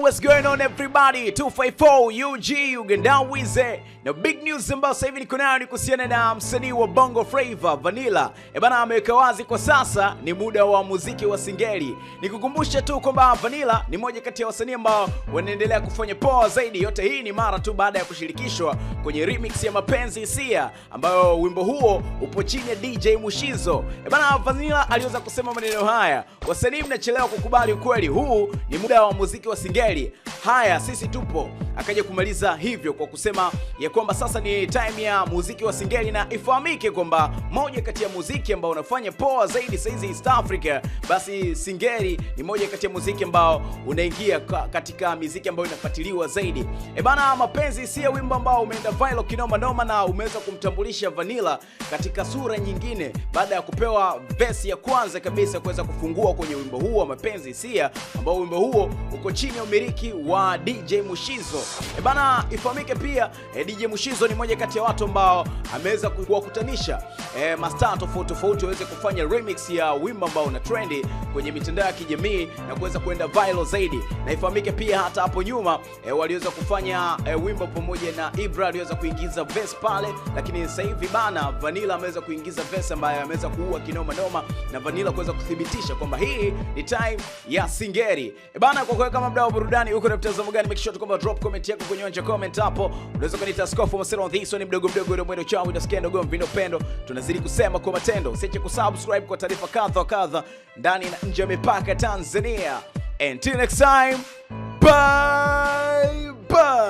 what's going on everybody? 254 UG Uganda Wize na big news ambayo sasa hivi niko nayo ni kuhusiana na msanii wa Bongo Flava Vanilla. E bana, ameweka wazi kwa sasa ni muda wa muziki wa Singeli. Nikukumbusha tu kwamba Vanilla ni moja kati ya wasanii ambao wanaendelea kufanya poa zaidi. Yote hii ni mara tu baada ya kushirikishwa kwenye remix ya Mapenzi Hisia ambayo wimbo huo upo chini ya DJ Mushizo. E bana, Vanilla aliweza kusema maneno haya: wasanii mnachelewa kukubali ukweli, huu ni muda wa muziki wa Singeli kejeli, haya sisi tupo. Akaja kumaliza hivyo kwa kusema ya kwamba sasa ni time ya muziki wa singeli, na ifahamike kwamba moja kati ya muziki ambao unafanya poa zaidi saizi East Africa, basi singeli ni moja kati ya muziki ambao unaingia katika miziki ambayo inafuatiliwa zaidi. E bana, mapenzi si wimbo ambao umeenda viral kinoma noma na umeweza kumtambulisha vanila katika sura nyingine baada ya kupewa vesi ya kwanza kabisa kuweza kufungua kwenye wimbo huo wa mapenzi sia, ambao wimbo huo uko chini ya mmiliki wa DJ Mushizo. E bana, ifahamike pia e, DJ Mushizo ni moja kati ya watu ambao ameweza kuwakutanisha e, mastaa tofauti tofauti waweze kufanya remix ya wimbo ambao una trendi kwenye mitandao ya kijamii na kuweza kuenda viral zaidi, na ifahamike pia hata hapo nyuma e, waliweza kufanya e, wimbo pamoja na Ibra aliweza kuingiza verse pale, lakini sasa hivi bana Vanilla ameweza kuingiza verse ambayo ameweza kuua kinoma noma, na Vanilla kuweza kuthibitisha kwamba hii ni time ya Singeli. E eh, bana, kwa kama mdau wa burudani huko na mtazamo gani? Make sure kwamba drop comment yako kwenye onja comment hapo, unaweza kunita scoff msero on this one mdogo mdogo, ndio mwendo chao utasikia ndogo mvindo pendo, tunazidi kusema kwa matendo. Usiache kusubscribe kwa taarifa kadha kadha ndani na nje ya mipaka Tanzania. Until next time, bye bye.